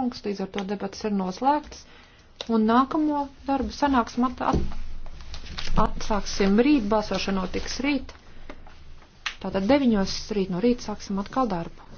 kungs, līdz ar to debatas ir noslēgtas. Un nākamo darbu sanāksim at, at, atsāksim rīt, balsošana notiks rīt. Tātad deviņos rīt no rīta sāksim atkal darbu.